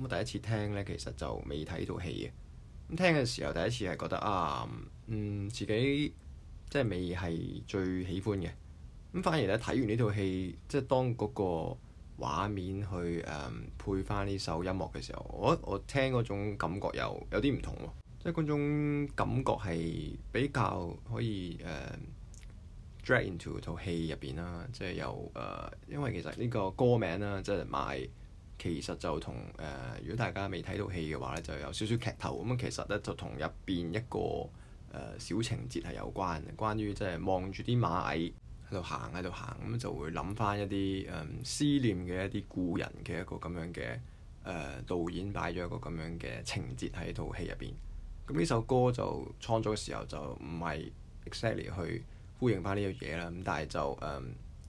咁第一次聽呢，其實就未睇呢套戲嘅。咁聽嘅時候，第一次係覺得啊，嗯，自己即係未係最喜歡嘅。咁反而咧睇完呢套戲，即係當嗰個畫面去誒、嗯、配翻呢首音樂嘅時候，我我聽嗰種感覺又有啲唔同喎。即係嗰種感覺係比較可以誒、嗯、drag into 套戲入邊啦。即係又誒，因為其實呢個歌名啦，即係螞蟻。其實就同誒、呃，如果大家未睇到戲嘅話咧，就有少少劇透，咁其實咧就同入邊一個誒、呃、小情節係有關，關於即係望住啲螞蟻喺度行喺度行，咁就會諗翻一啲誒、呃、思念嘅一啲故人嘅一個咁樣嘅誒、呃、導演擺咗一個咁樣嘅情節喺套戲入邊。咁呢首歌就創作嘅時候就唔係 exactly 去呼應翻呢樣嘢啦。咁但係就誒，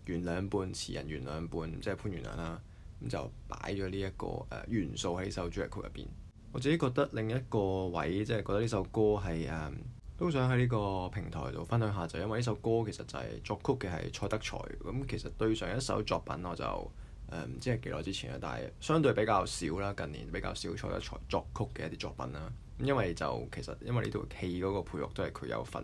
袁兩半，詞人袁兩半，即係潘源良啦。咁就擺咗呢一個誒、呃、元素喺首主題曲入邊。我自己覺得另一個位，即、就、係、是、覺得呢首歌係誒、嗯，都想喺呢個平台度分享下，就是、因為呢首歌其實就係作曲嘅係蔡德才。咁、嗯、其實對上一首作品我就誒唔、嗯、知係幾耐之前啦，但係相對比較少啦，近年比較少蔡德才作曲嘅一啲作品啦。咁、嗯、因為就其實因為呢套戲嗰個配樂都係佢有份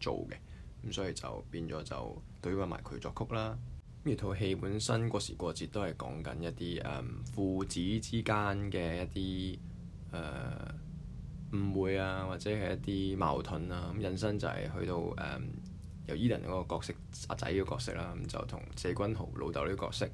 做嘅，咁、嗯、所以就變咗就對上埋佢作曲啦。呢套戲本身過時過節都係講緊一啲誒、嗯、父子之間嘅一啲誒誤會啊，或者係一啲矛盾啊。咁引申就係去到誒、嗯、由 Edan 嗰個角色阿、啊、仔嘅角色啦，咁就同謝君豪老豆呢個角色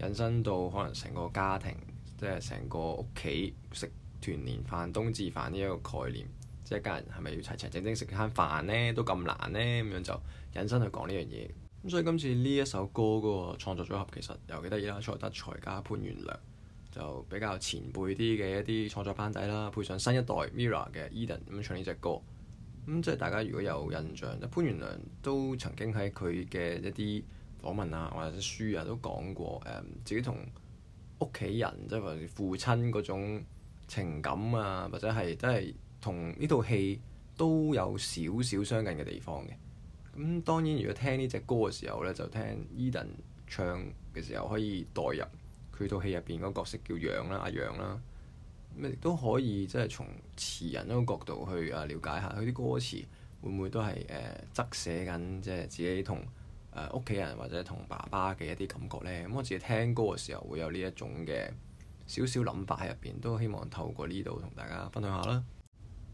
引申到可能成個家庭，即係成個屋企食團年飯、冬至飯呢一個概念，即係一家人係咪要齊齊整整食餐飯呢？都咁難呢？咁樣就引申去講呢樣嘢。所以今次呢一首歌個創作組合其實尤其得意啦，蔡德才加潘源良就比較前輩啲嘅一啲創作班底啦，配上新一代 Mirror 嘅 Eden 咁唱呢隻歌，咁、嗯、即係大家如果有印象，潘源良都曾經喺佢嘅一啲訪問啊或者書啊都講過誒、嗯、自己同屋企人即係或者父親嗰種情感啊，或者係即係同呢套戲都有少少相近嘅地方嘅。咁當然，如果聽呢隻歌嘅時候呢，就聽 Edan 唱嘅時候，可以代入佢套戲入邊嗰個角色叫楊啦、阿楊啦，咁亦都可以即係從詞人嗰個角度去啊了解下佢啲歌詞會唔會都係誒側寫緊即係自己同屋企人或者同爸爸嘅一啲感覺呢？咁我自己聽歌嘅時候會有呢一種嘅少少諗法喺入邊，都希望透過呢度同大家分享下啦。